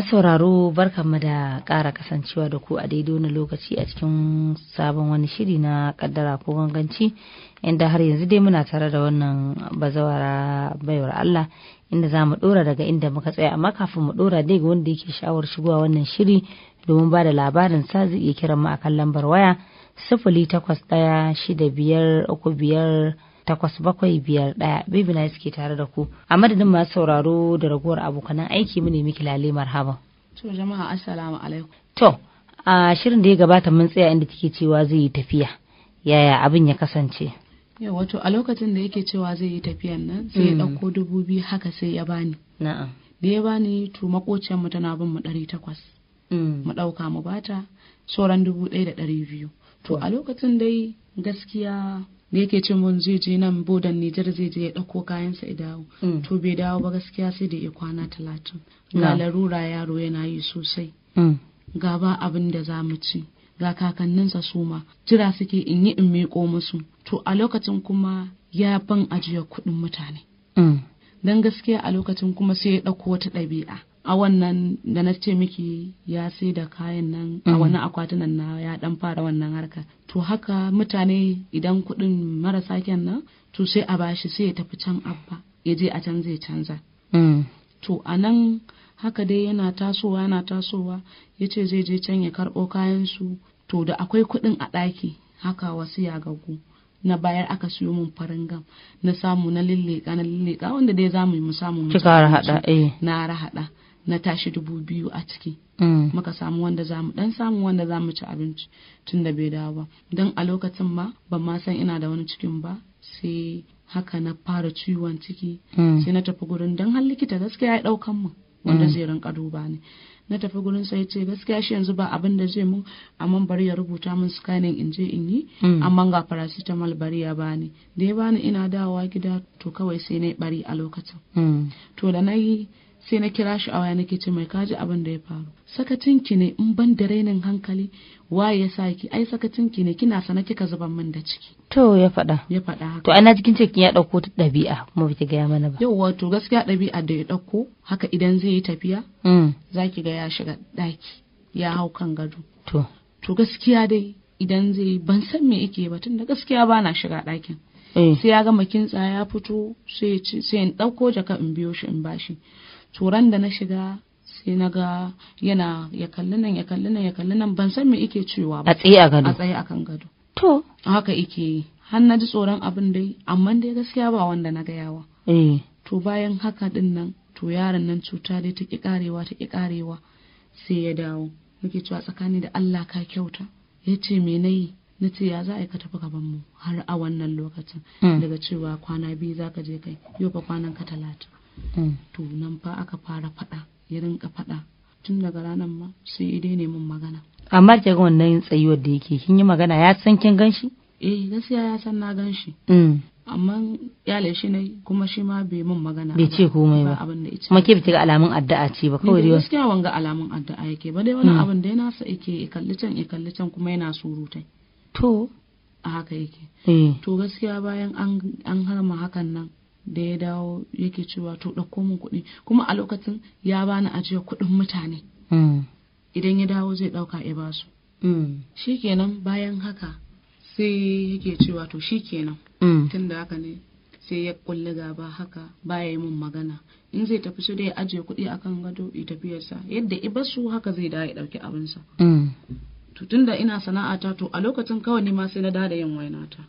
masu sauraro barkanmu da ƙara kasancewa da ku a daidai wani lokaci a cikin sabon wani shiri na kaddara ko ganganci inda har yanzu dai muna tare da wannan bazawara baiwar Allah inda za mu ɗora daga inda muka tsaya amma kafin mu ɗora dai ga wanda yake sha'awar shigowa wannan shiri domin ba da labarin sa zai iya kiran mu a kan lambar waya sifili takwas ɗaya shida biyar uku biyar takwas bakwai biyar ɗaya bibina suke tare da ku a madadin masu sauraro da ragowar abokanan aiki mu ne miki lale marhaba To jama'a assalamu alaikum. To a shirin da ya gabata mun tsaya inda take cewa zai yi tafiya yaya abin ya kasance. Yau wato a lokacin da yake cewa zai yi tafiyan nan sai ya mm. ɗauko dubu biyu haka sai ya bani. Na'am. Da ya bani to makociyar mu tana bin mu ɗari takwas. Mm. Mu ɗauka mu bata sauran dubu ɗaya da ɗari biyu. To a lokacin dai gaskiya da yake ce mun zai je nan bodan Nijar zai je ya ɗauko kayansa ya dawo mm. to bai dawo ba gaskiya sai da ya kwana talatin ga larura yaro yana yi sosai mm. ga ba abin da za mu ci ga kakanninsa su ma jira suke in yi in miƙo musu to a lokacin kuma ya ban ajiyar kuɗin mutane mm. don gaskiya a lokacin kuma sai ya ɗauko wata ɗabi'a a wannan da na ce miki ya sai da kayan nan a mm-hmm. wani akwatunan na ya dan fara wannan harka to haka mutane idan kuɗin marasa kyan nan to sai a bashi sai ya tafi can abba ya je a can zai canza mm. to a nan haka dai yana tasowa yana tasowa ya ce zai je can ya karɓo kayan su to da akwai kuɗin a ɗaki haka wasu ya gagu na bayar aka siyo min farin gam na samu na lilleka na lilleka wanda dai za mu yi mu samu mu eh. na rahaɗa na tashi dubu biyu a ciki mm. muka samu wanda za mu dan samu wanda za mu ci abinci tun da bai dawo ba don a lokacin ma ban ma san ina da wani cikin ba sai haka na fara ciwon ciki mm. sai na tafi gurin don har likita gaskiya ya ɗaukan mu wanda mm. zai rinka duba ne na tafi gurin sai ce gaskiya shi yanzu ba abin da zai mun amma bari ya rubuta min scanning in je in yi amma ga paracetamol bari ya bani da ya bani ina dawowa gida to kawai sai na yi bari a lokacin to da na yi sai na kira shi a waya nake ce mai kaji abin da ya faru sakacin ki ne in ban da rainin hankali waye ya sa ki ai sakacin ki ne kina sana kika zuba min da ciki to ya faɗa ya faɗa to ana ce kin ya ɗauko ta ɗabi'a kuma baki gaya mana ba yauwa to gaskiya ɗabi'a da ya ɗauko haka idan zai yi tafiya mm. za ki ga ya shiga ɗaki ya hau kan gado to to gaskiya dai idan zai ban san me yake ba tunda gaskiya ba na shiga ɗakin eh. sai ya gama kintsa ya fito sai in ɗauko jaka in biyo shi in bashi turan da na shiga sai na ga yana ya kalli nan ya kalli nan ya kalli nan ban san me ike cewa ba a tsaye a gado a tsaye kan gado to haka ike yi har na ji tsoron abin dai amma dai gaskiya ba wanda na ga yawa eh to bayan haka din nan to yaron nan cuta dai ta ki karewa ta ki karewa sai ya dawo muke cewa tsakani da Allah ka kyauta yace ce me na yi na ce ya za a yi ka tafi gaban mu har a wannan lokacin hmm. daga cewa kwana biyu za ka je kai yau fa kwanan ka talata Mm. to nan fa aka fara faɗa ya rinka faɗa tun daga ranar ma sai ya daina min magana amma ke ga wannan tsayuwar da yake kin yi magana ya san kin ganshi eh gaskiya ya san na ganshi mm. amma ya shi ne kuma shi ma bai min magana bai ce komai ba abin da kuma ke ga alamun addu'a ce ba kawai dai gaskiya wanga alamun addu'a yake ba dai wani mm. abin da yana sa yake kalli can kalli can kuma yana surutai to a haka yake eh. to gaskiya bayan an harma hakan nan da ya dawo yake cewa to ɗauko min kuɗi kuma a lokacin ya bani ajiye kuɗin mutane hmm. idan ya dawo zai ɗauka ya ba su hmm. shikenan bayan haka sai yake cewa to shikenan hmm. tun da haka ne sai ya kulli gaba haka baya yi min magana in zai tafi su da ya ajiye kuɗi akan gado ya tafiyarsa yadda ibasu haka zai dawo ya ɗauki abinsa to tunda ina sana'ata to a lokacin kawai ne ma sai na da yin wainata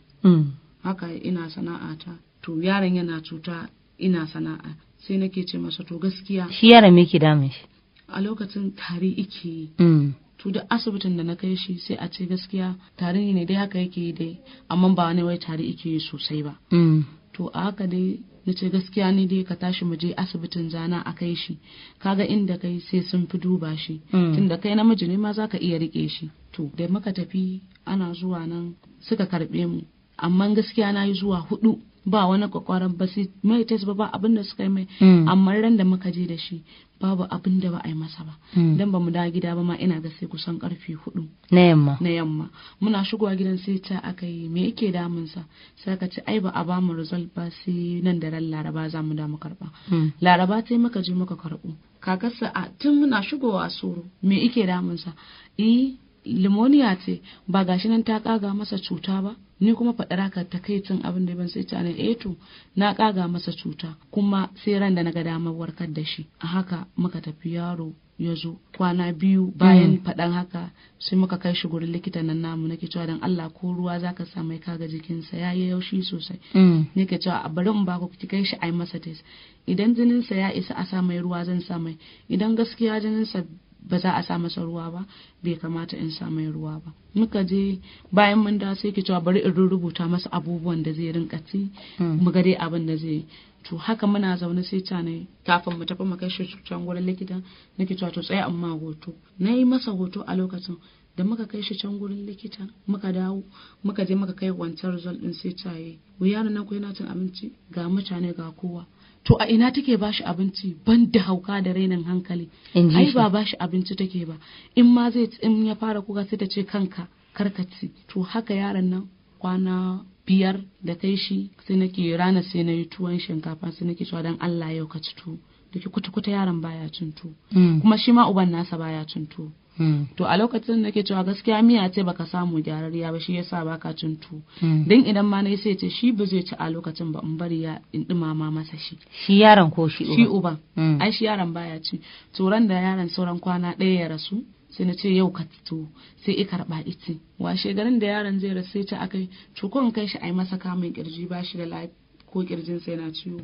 haka ina sana'ata to yaron yana cuta ina sana'a sai nake ce masa to gaskiya shi yaron me ke damun shi a lokacin tari ike yi mm. to da asibitin da na kai shi sai a ce gaskiya tari ne dai haka yake yi dai amma ba wani wai tari ike yi sosai ba mm. to a haka dai na ce gaskiya ne dai ka tashi mu je asibitin zana a kai shi kaga inda kai sai sun fi duba shi mm. tunda kai namiji ne ma za ka iya rike shi to da muka tafi ana zuwa nan suka karbe mu amma gaskiya na yi zuwa hudu ba wani kwakwaran ba su mai test ba ba abin da suka yi mai hmm. amma ran da muka je da shi babu abin da ba a yi masa ba hmm. dan ba mu da gida ba ma ina ga sai kusan karfe hudu na yamma na yamma muna shigowa gidan sai ta aka yi me yake damun sa sai ka ce ai ba a ba mu result ba sai nan da ran laraba za mu da mu karba hmm. laraba sai muka je muka karbo kakarsa a tun muna shigowa soro me yake damun sa eh limoniya ce ba gashi nan ta kaga masa cuta ba ni kuma ta kai takaicin abin da ban sai ta ne eto eh na kaga masa cuta kuma sai ran da na ga damar warkar da shi a haka muka tafi yaro ya zo kwana biyu bayan mm. faɗan haka sai muka kai shi gurin likita nan namu nake cewa dan Allah ko ruwa zaka sa mai kaga jikinsa ya yi yaushi sosai mm. nake cewa a bari in ba ku ki kai shi ai masa test idan jininsa ya isa a sa mai ruwa zan sa mai idan gaskiya jininsa ba za a sa masa ruwa ba bai kamata in sa mai ruwa ba muka je bayan mun da sai ki cewa bari in rubuta masa abubuwan da zai rinka ci hmm. mu ga dai abin da zai to haka muna zaune sai ta ne kafin mu tafi mu kai shi can gurin likita na cewa to tsaya amma hoto na yi masa hoto a lokacin da muka kai shi can gurin likita muka dawo muka je muka kai wancan zol din sai ta yi yaro na ku yana cin abinci ga mutane ga kowa to a ina take bashi abinci ban da hauka da rainin hankali ai ba ba shi abinci take ba in ma zai in ya fara kuka sai ta ce kanka karkaci to haka yaron nan kwana biyar da kai shi sai nake rana sai na yi tuwon shinkafa sai nake cewa dan Allah yau ka ci tuwo da kuta-kuta yaron baya cin tuwo mm. kuma shi ma uban nasa baya cin tuwo Hmm. to a lokacin da ke cewa gaskiya miya ce baka samu gyararriya ba shi yasa baka cin tu hmm. dan idan ma nayi sai ce shi ba zai ci a lokacin ba in bari ya in ma masa shi shi yaron ko shi uba. shi uba hmm. ai shi yaron baya ci to ran da yaron sauran kwana ɗaya ya rasu sai na ce yau ka fito sai i karba iti washe garin da yaron zai rasu sai ta akai cukon kai shi ai masa kamun kirji ba shi da lafi ko kirjin sai na ciwo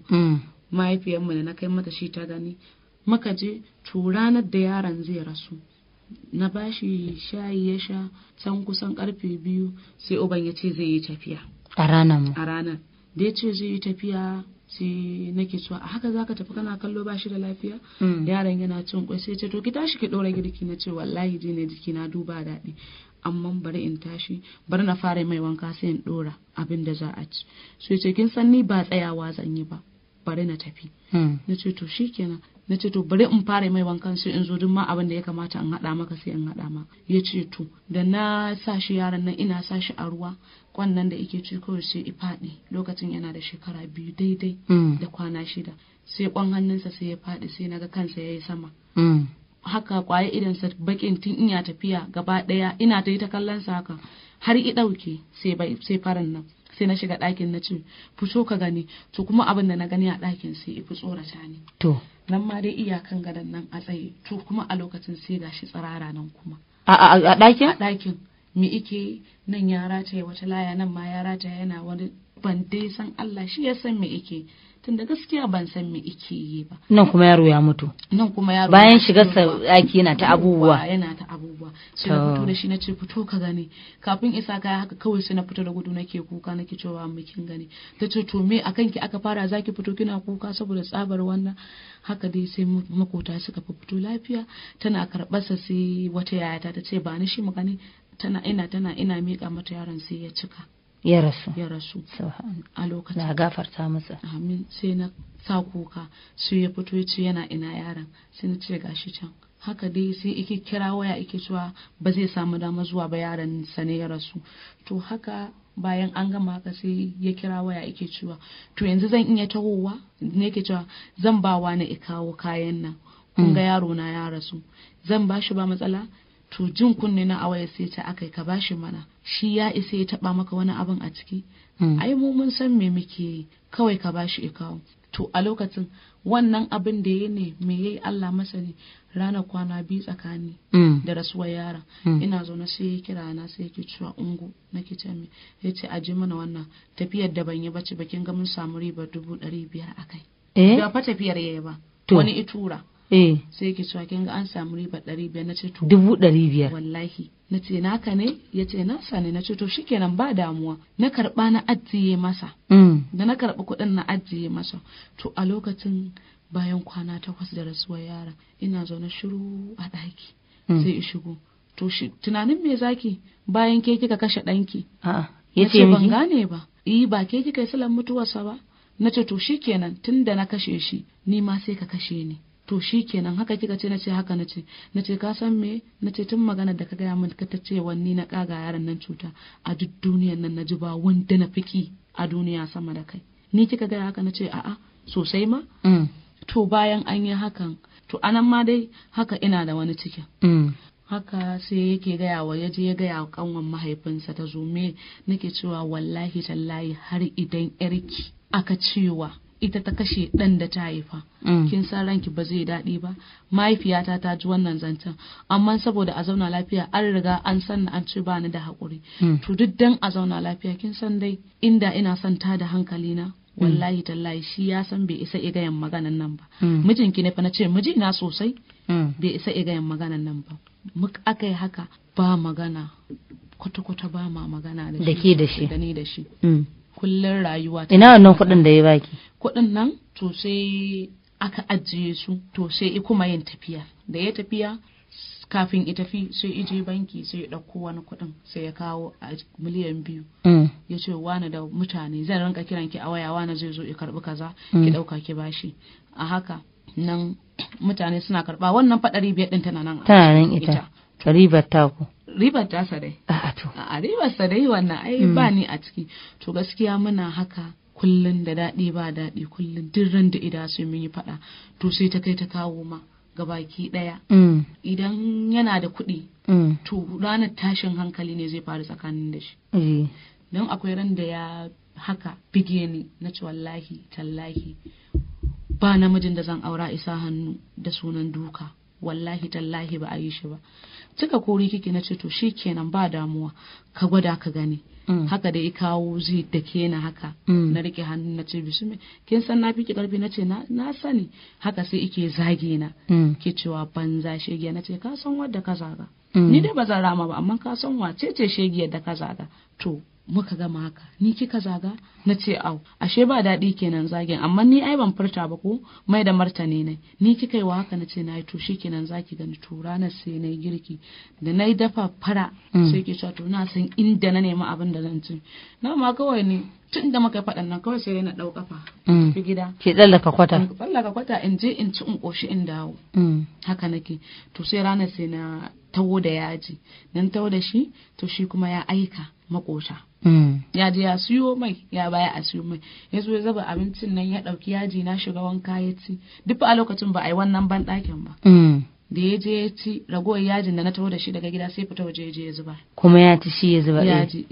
mahaifiyarmu da na kai mata shi ta gani muka je to ranar da yaron zai rasu na bashi shayi ya sha can kusan karfe biyu sai uban ya ce zai yi tafiya a ranar a ranar da ya ce zai yi tafiya sai nake cewa a haka zaka tafi kana kallo bashi da lafiya mm. yaron yana cin kwai sai ce to ki tashi ki ɗora girki na ce wallahi je ne jiki na duba daɗi amma bari in tashi bari na fara mai wanka sai in ɗora abin da za a ci sai ce kin san ni ba tsayawa zan yi ba bari na tafi mm. na ce to shikenan na ce to bari in fara mai wankan sai in zo duk ma abin da ya kamata in haɗa maka sai in haɗa maka ya ce to da na sa shi yaran nan ina sa shi a ruwa kwannan da yake ci kawai sai i faɗi lokacin yana da shekara biyu daidai mm. da kwana shida sai kwan hannunsa sai ya faɗi sai naga kansa yayi sama mm. haka kwaye sa bakin tun ina tafiya gaba ɗaya ina ta yi ta kallon sa haka har i ɗauke sai farin nan sai na shiga ɗakin na ce fito ka gani to kuma abin da na gani a ɗakin sai i fi tsorata ne to nan ma dai iyakan gadon nan a tsaye to kuma a lokacin sai ga shi tsirara nan kuma a ɗakin a ɗakin mi ike nan ya rataye wata laya nan ma ya rataye yana wani ban dai san Allah shi ya san mi ike tunda gaskiya ban san me ike yi ba nan kuma yaro ya mutu nan kuma yaro bayan shiga sa yana ta abubuwa yana ta abubuwa sai na fito da shi nace fito ka gani kafin isa kaya haka kawai sai na fito da gudu nake kuka nake cewa mu kin gani tace to me akan ki aka fara zaki fito kina kuka saboda tsabar wannan haka dai sai makota suka fito lafiya tana karɓar sa sai wata yayata tace ba ni shi mu gani tana ina tana ina miƙa mata yaron sai ya cika ya rasu ya rasu a lokacin na gafarta masa amin sai na sa kuka su ya fito ya ce yana ina yaran. sai na ce gashi can haka dai sai ike kira waya ike cewa ba zai samu dama zuwa ba yaran sa ne ya rasu to haka bayan an gama haka sai ya kira waya ike cewa to yanzu zan iya tahowa ne ke cewa zan ba wa na kawo kayan nan kun mm. yaro na ya rasu zan ba shi ba matsala to jin kunne na awa sai ta akai ka bashi mana shi ya isa ya taba maka wani abin a ciki hmm. ai mu mun san me muke yi kawai ka bashi ya kawo to a lokacin wannan abin da ya ne me yayi Allah masa ne ranar kwana biyu tsakani hmm. da rasuwar yaron hmm. ina na sai ya kira na sai ya cewa ungu na ce me Yace a aje mana wannan tafiyar da ban yi bace bakin ga mun samu riba dubu ɗari biyar a kai. Ga eh? fa tafiyar yayi ba wani itura. Eh. sai ke cewa kin ga an samu riba ɗari biyar na ce to dubu ɗari biyar wallahi na ce naka ne ya ce sa ne na ce to shikenan ba damuwa na karɓa na ajiye masa mm. da na karɓi kuɗin na ajiye masa to a lokacin bayan kwana takwas da rasuwar yara ina zaune shiru a ɗaki mm. sai in shigo to tunanin me zaki bayan ke kika kashe ɗanki ya ce ban gane ba Iyi e, ba ke kika yi salon mutuwarsa ba na ce to shikenan tun da na kashe shi ni ma sai ka kashe ni to shi kenan haka kika ce nace haka nace nace ka san me nace tun magana da ka gaya min ka ta ce wanni na kaga yaran nan cuta a duk duniyan nan naji ba wanda na fiki a duniya sama da kai ni kika gaya haka nace a'a sosai ma mm. to bayan an yi hakan to anan ma dai haka ina da wani cikin mm. haka sai yake gaya wa yaje ya gaya wa kanwan mahaifinsa ta zo me nake cewa wallahi tallahi har idan yarki aka cewa ita ta kashe ɗan da ta haifa mm. kin san ranki ba zai daɗi ba mahaifiyata ta ji wannan zancen amma saboda a zauna lafiya an riga an san an ce ba ni da haƙuri mm. to duk dan a zauna lafiya kin san dai inda ina son ta da hankali na mm. wallahi tallahi shi ya san bai isa igayen maganan nan ba mijinki ne fa na ce mijina sosai bai isa igayen maganan nan ba muka aka yi haka ba magana kwata-kwata ba ma magana da ke da shi da ni da shi kullun rayuwa ina wannan kuɗin da ya baki kuɗin nan to sai aka ajiye su to sai kuma yin tafiya da ya tafiya kafin i tafi sai i je banki sai ya ɗauko wani kuɗin sai ya kawo a miliyan biyu mm. ya ce wani da mutane zan rinka kiran ki a waya wani zai zo i karɓi kaza mm. ki ɗauka ki bashi a haka nan mutane suna karɓa wannan faɗari biyar ɗin tana nan ita ta ribar taku ribar ta sadai a'a to a ribar sadai wannan ai hmm. ba ni a ciki to gaskiya muna haka kullum da daɗi ba daɗi kullum duk ran da ida sun yi faɗa to sai ta kai ta kawo ma gabaki ɗaya hmm. idan yana da kuɗi hmm. to ranar tashin hankali ne zai faru tsakanin da shi eh. don akwai ran da ya haka bige ni na ci wallahi tallahi ba namijin da zan aura isa hannu da sunan duka wallahi tallahi ba a yi shi ba cika kori kike na ce to shi kenan ba damuwa ka gwada ka gani mm. haka da ya kawo zai da ke na haka mm. na rike hannu na ce bisu kin san na fiki karfi na ce na sani haka sai ike zage na mm. ke cewa banza shege na ce ka san wadda ka zaga ni dai ba zan rama ba amma ka san wace ce shege da ka zaga to muka gama haka ni kika zaga na ce au ashe ba daɗi kenan zagin amma ni ai ban furta ba ko mai da martani ne ni kika yi wa haka na ce na yi to shi kenan zaki gani to ranar sai na girki da na dafa fara mm. sai ke cewa to na san inda na nemi abin da zan ci na ma kawai ne tun da muka faɗan nan kawai sai na ɗau kafa mm. gida ke tsallaka kwata tsallaka kwata in je in ci in ƙoshi in dawo mm. haka nake to sai ranar sai na tawo da yaji nan tawo da shi to shi kuma ya aika makota Mm. ya je ya siyo mai ya baya a siyo mai ya zo ya zaba abincin nan ya ɗauki yaji na shiga wanka ya ci duk a lokacin ba a yi wannan ban dakin ba mm. da ya je ya ci ragowar yajin da na taho da shi daga gida sai fita waje ya je ya zuba kuma ya ci shi ya zuba ya ci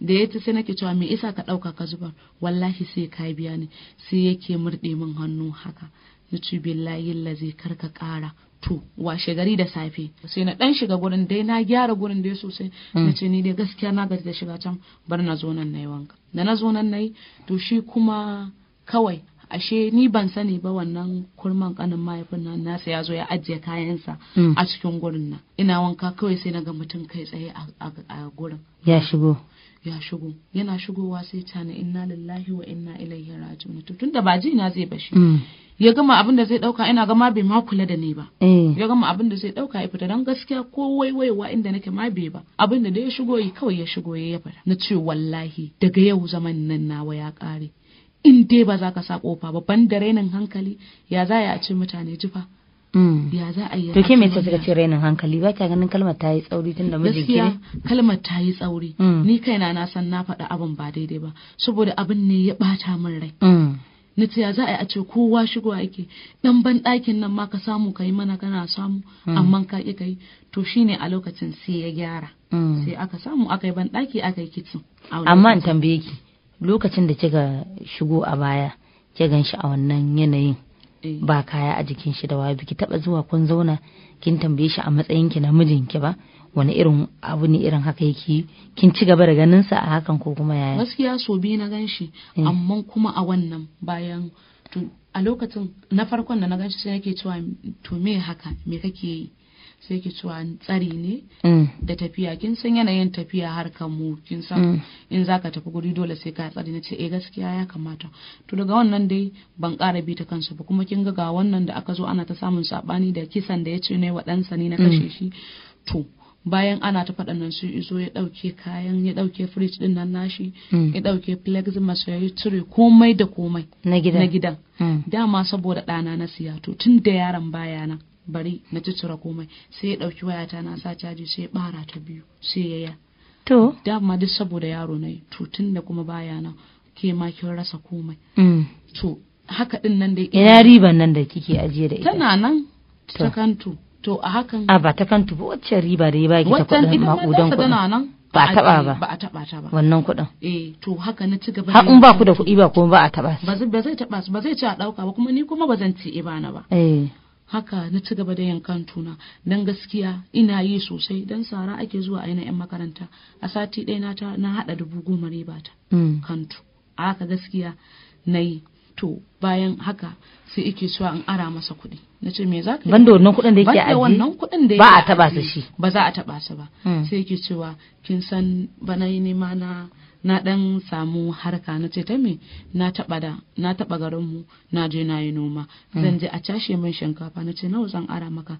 da ya ci sai nake cewa me isa ka ɗauka ka zuba wallahi sai ka biya ni sai yake murde min hannu haka ya ce billahi lazi karka kara to washe gari da safe sai na dan shiga gurin dai na gyara gurin dai sosai hmm. na ce ni dai gaskiya na gaji da shiga can bar na zo nan nayi wanka da na zo nan nayi to shi kuma kawai ashe ni ban sani ba wannan kurman kanin mahaifin nan nasa ya zo ya ajiye kayansa hmm. a cikin gurin nan ina wanka kawai sai na ga mutum kai tsaye a gurin ya shigo ya shigo yana shigowa sai cana inna lillahi wa inna ilaihi raji'un to tunda ba ji na zai bashi hmm. ya gama abin da zai dauka ina gama bai ma kula da ni ba eh. ya gama abin da zai dauka ya fita dan gaskiya ko wa inda nake ma bai ba abin da ya shigo yi kawai ya shigo ya fita na ce wallahi daga yau zaman nan nawa ya kare in dai ba za ka sa kofa ba ban da rainin hankali ya za a ce mutane jifa mm. ya za a yi to ke me yasa suka ce rainin hankali ba ka ganin kalmar ta yi tsauri tunda miji gaskiya kalmar ta yi tsauri mm. ni kaina na san na faɗa abin ba daidai ba saboda abin ne ya ɓata min rai mm. na ya za a yi a ce kowa shigo ake dan ban ɗakin nan ma ka samu ka yi mana kana samu mm. amma ka ƙi ka yi to shine a lokacin sai ya gyara mm. sai aka samu aka yi ban ɗaki aka yi kicin amma in tambaye ki lokacin da kika shigo a baya ki gan shi a wannan yanayin Eh. ba kaya a jikin shi da waye biki taba zuwa kun zauna kin tambaye shi a matsayin ki na mijin ki ba wani irin abu ne irin haka yake kin ci gaba da ganin sa a hakan ko kuma yaya gaskiya so bi na ganshi eh. amma kuma a wannan bayan a lokacin na farkon da na ganshi sai yake cewa to me haka me kake yi sai ki wani tsari ne mm. da tafiya kin san yanayin tafiya harkar mu kin san mm. in zaka tafi guri dole sai ka tsari na ce eh gaskiya ya kamata to daga wannan dai ban ƙara bi ta kansu ba kuma kin ga ga wannan da aka zo ana ta samun sabani da kisan da ya ce ne wa ɗansa ne na kashe mm. shi to bayan ana ta faɗa nan sai izo ya ɗauke kayan ya ɗauke fridge ɗin nan nashi ya ɗauke plexima ya cire komai da komai na gidan dama saboda ɗana na siya to tun da yaron baya nan bari na ciccira komai sai ya ɗauki wayata na sa caji sai ya ɓara ta biyu sai ya ya to dama duk saboda yaro ne to tun da kuma baya nan ke ma kin rasa komai mm. to haka din nan dai ina riban nan da kike ajiye da ita tana nan ta kantu to a hakan a ba ta kantu ba wacce riba da ya baki ta kuɗin maƙudan nan ba a taba ba ba a taba ta ba wannan kuɗin eh to haka na ci gaba in ba ku da kuɗi ba kuma ba a taba ba zai taba su ba zai ci a ɗauka ba kuma ni kuma ba zan ci ibana ba eh haka na ci gaba da yankan tuna dan gaskiya ina yi sosai dan sara ake zuwa a yana yan makaranta a sati ɗaya na haɗa dubu goma ba ta mm. kantu a haka gaskiya na yi to bayan haka sai ike cewa in ara masa kuɗi na ce me za ka banda wannan kuɗin da yake wannan kuɗin da ba a taba su shi ba za a taba su ba mm. sai ike cewa kin san bana yi nema na na ɗan samu harka na ce ta me na taɓa da na taɓa garinmu na je na yi noma mm. zan je a cashe min shinkafa na ce nawa zan ara maka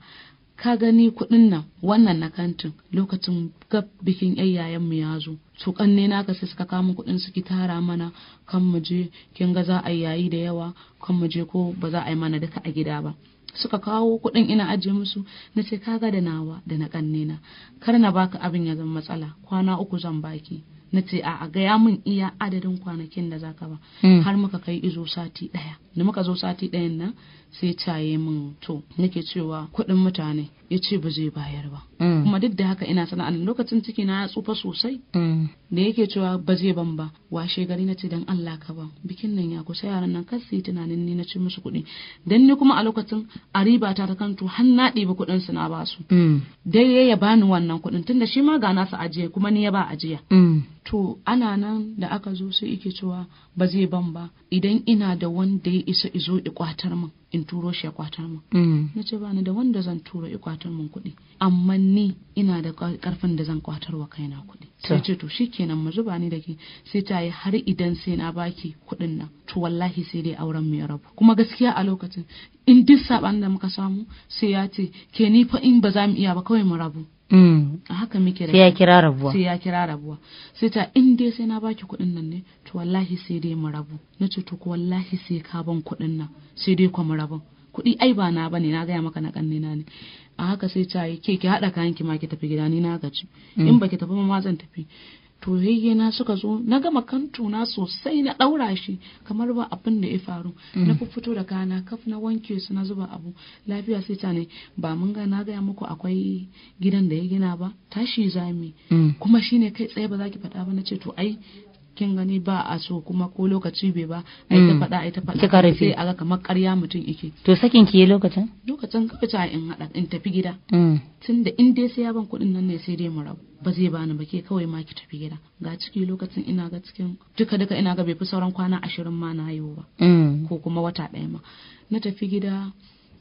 ka gani kuɗin nan wannan na kantin lokacin gab bikin yayan mu ya zo to kanne na ka suka kama kuɗin suki tara mana kan mu je kin ga za a yayi da yawa kan mu je ko ba za a yi mana duka a gida ba suka kawo kuɗin ina ajiye musu na ce kaga da nawa da na kanne na kar na baka abin ya zama matsala kwana uku zan baki na ce a gaya min iya adadin kwanakin da zaka ba hmm. har muka kai izo sati ɗaya da muka zo sati ɗayan nan sai caye min to nake cewa kuɗin mutane ya ce ba zai bayar ba mm. kuma duk da haka ina sana'a lokacin ciki na ya tsufa sosai mm. da yake cewa ba zai ban ba washe gari na ce dan Allah ka ban bikin nan ya kusa yaran nan kar su yi tunanin ni na ci musu kuɗi dan ni kuma a lokacin a riba ta ta kanto har na ɗebi kuɗin su na ba su mm. dai ya bani wannan kuɗin tunda shi ma ga su ajiya kuma ni ya ba ajiya to ana nan da aka zo sai yake cewa ba zai ban ba idan ina da wanda isa izo ikwatar min in turo shi ya kwatar min mm. na ce bani da wanda zan turo ikwatar min kuɗi amma ni ina da karfin da zan kwatar wa kaina kuɗi sai ce to shikenan mu zuba ni da ke sai ta yi har idan sai na baki kuɗin nan to wallahi sai dai auren mu ya rabu kuma gaskiya a lokacin in duk saban da muka samu sai ya ce ke ni fa in ba za mu iya ba kawai mu rabu Mm. a haka muke sai ya kira rabuwa sai ya kira rabuwa sai ta in dai sai na baki kuɗin nan ne to wallahi sai dai mu rabu na ce to wallahi sai ka ban kuɗin nan sai dai ku mu rabu kuɗi ai ba na bane na gaya maka na kanne na ne a haka sai ta yi ke ki haɗa kayan ki ma ki tafi gida ni na gaci mm. in baki tafi ma zan tafi to na suka zo na gama kantuna sosai na ɗaura shi kamar ba abin da ya faru mm. na fito da kana kaf na wanke su na zuba abu lafiya sai ta ne ba mun ga na gaya muku akwai gidan da ya gina ba tashi zami mm. kuma shine kai tsaye ba za ki faɗa ba na ce to ai kin gani ba a so kuma ko lokaci bai ba ai ta hmm. faɗa ai ta faɗa sai a ga kamar ƙarya mutum yake to sakin ki lokacin lokacin ka fita in hada in tafi gida hmm. da in dai sai ya ban kuɗin nan ne sai dai mu rabu ba zai bani ba ke kawai ma ki tafi gida ga ciki lokacin ina ga cikin duka duka ina ga bai fi sauran kwana ashirin ma na yiwu ba hmm. ko kuma wata ɗaya ma na tafi gida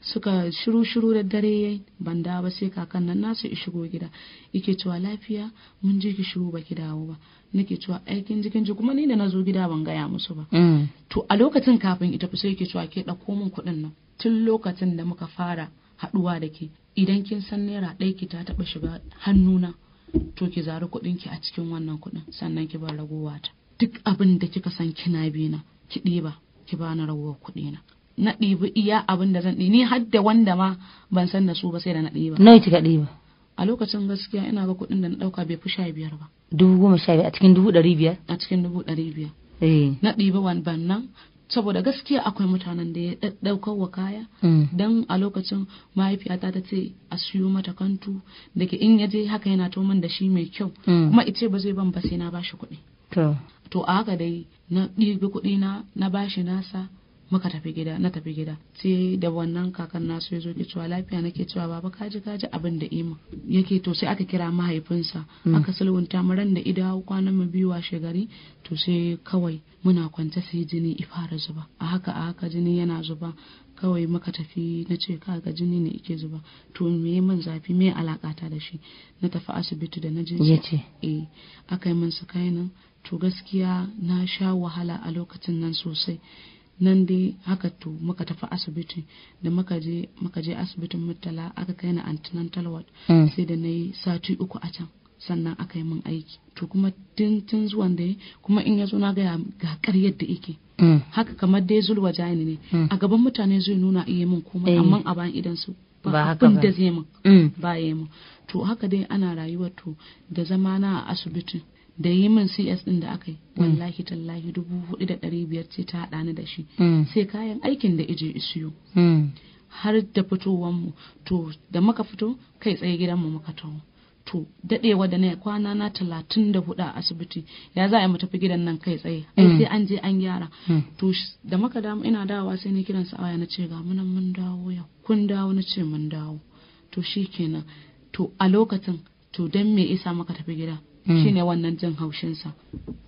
suka shiru shiru da dare yayi ban da ba sai kakan nan nasu i shigo gida yake cewa lafiya mun je ki shiru baki dawo ba nake cewa aikin jikin ji kuma ni da nazo gida ban gaya musu ba mm. to a lokacin kafin ita fi sai yake cewa ke dauko min kuɗin nan tun lokacin da muka fara haɗuwa da ke idan kin san naira ɗaya ki ta taba shiga hannuna to ki zari kuɗin ki a cikin wannan kuɗin sannan ki bar ragowa ta duk abin da kika san kina na ki ɗiba ki bani ragowar kuɗi na na ɗibi iya abin da zan ɗi ni har da wanda ma ban san da su ba sai da na ɗiba nawa kika ɗiba a lokacin gaskiya ina ga kuɗin da na ɗauka bai fi sha biyar ba dubu goma sha biyar a cikin dubu ɗari biyar a cikin dubu ɗari biyar eh. na ɗiba wani nan saboda gaskiya akwai mutanen da ya ɗaukar wa kaya mm. Dan a lokacin mahaifiyata ta ce a siyo mata kantu da ke in je haka yana to da shi mai kyau mm. kuma ice ba zai ban ba sai na bashi kuɗi to a haka dai na ɗibi kuɗi na na bashi nasa muka tafi gida na tafi gida sai da wannan kakan nasu ya zo ke cewa lafiya nake cewa baba kaji kaji abin da ima yake to sai aka kira mahaifinsa hmm. aka sulwunta mu ran da ida kwanan mu biyu washe gari to sai kawai muna kwance sai jini fara zuba a haka a haka jini yana zuba kawai muka tafi na ce ga jini ne ike zuba to me man zafi me alakata da shi na tafi asibiti da na je eh aka yi min su nan to gaskiya na sha wahala a lokacin nan sosai nan dai haka to muka tafi asibiti da muka je muka je asibitin murtala aka kai na antenatal ward mm. sai da na yi sati uku a can sannan aka yi min aiki to kuma tun tun zuwan da kuma in ya zo na gaya ga karyar da yake mm. haka kamar dai zulwa jani ne mm. a gaban mutane zai nuna iya min kuma. Eh. amma a bayan idan su ba ba da zai min ba ya min to haka dai ana rayuwa to da zama na a asibitin da yi min cs din da aka yi hmm. wallahi tallahi dubu hudu da dari biyar ce ta haɗa ni da shi hmm. sai kayan aikin da ije isiyo hmm. har da fitowar mu to da muka fito kai tsaye gidanmu muka taho to dadewa da na kwana na talatin da hudu a asibiti ya za a yi mu tafi gidan nan kai tsaye ai sai an je an gyara to da muka damu ina dawowa sai ni kiran sa'aya na ce ga munan mun dawo ya kun dawo na ce mun dawo to shikenan to a lokacin to dan me isa muka tafi gida Mm. shine wannan jin haushin sa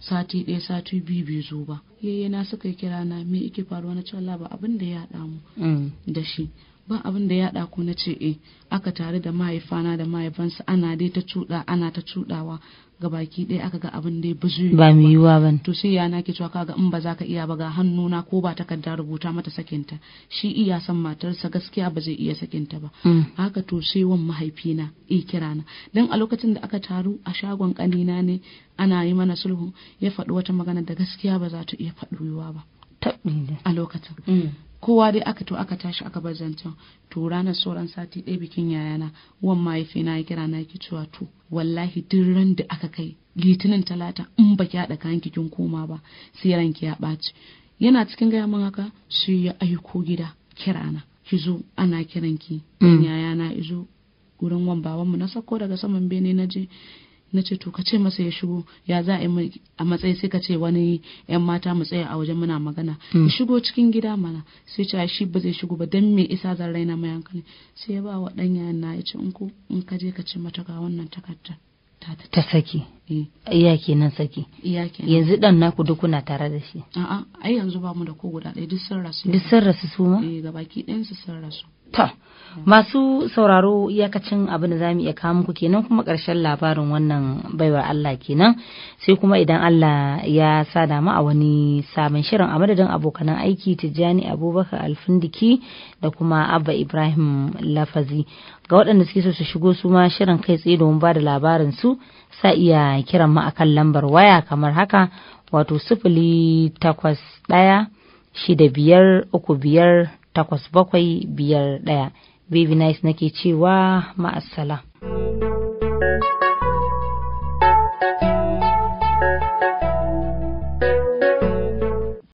sati ɗaya sati biyu bai zo ba yayi na suka yi kira na me yake faruwa na ce Allah ba abin da ya haɗa mu mm. da shi ba abin da ya haɗa ku na ce eh aka tare da mahaifana da mahaifansa ana dai ta cuɗa ana ta cuɗawa ga baki ɗaya aka ga abin da ba zai ba mai yiwa ba to sai ya nake cewa kaga in ba za ka iya ba ga hannuna ko ba takarda rubuta mata sakinta shi iya san matarsa gaskiya ba zai iya sakinta ba mm. haka to sai wan mahaifina i kirana dan a lokacin da aka taru a shagon kanina ne ana yi mana sulhu ya faɗi wata magana da gaskiya ba za ta iya faɗuwa ba a lokacin mm. kowa dai aka to aka tashi aka bar zancen to ranar sauran sati ɗaya bikin yayana wan mahaifi na ya kira na ki cewa to wallahi duk ran da aka kai litinin talata in baki haɗa kayan kin koma ba sai ranki ya ɓaci yana cikin gaya min haka sai ya aiko gida kirana ki zo ana kiranki mm. yayana izo wurin wan babanmu na sako daga saman bene na je na ce to ka ce masa ya shigo ya za a matsayi sai ka ce wani yan mata mu tsaya a wajen muna magana ya hmm. shigo cikin gida mana sai ce shi ba zai shigo ba dan me isa zan raina mai hankali sai ya ba wa dan yayan na ya ce in ko in ka je ka ce mata ga wannan takardar ta saki eh. iya kenan saki iya kenan yanzu dan naku duk kuna tare da shi a'a ai yanzu ba mu da ko guda ɗaya duk sun rasu duk sun rasu su ma eh gabaki ɗayan su sun rasu To, masu sauraro iyakacin abin da za mu iya kawo muku kenan kuma ƙarshen labarin wannan baiwa Allah kenan sai kuma idan Allah ya sa mu a wani sabon shirin a madadin abokanan aiki Tijjani Abubakar Alfindiki da kuma Abba Ibrahim Lafazi ga waɗanda suke so su shigo su ma shirin kai tsaye domin ba da labarin su sa iya kiran mu akan lambar waya kamar haka wato sifili takwas ɗaya shida biyar uku biyar takwas bakwai biyar ɗaya. Baby Nice nake cewa ma'asala.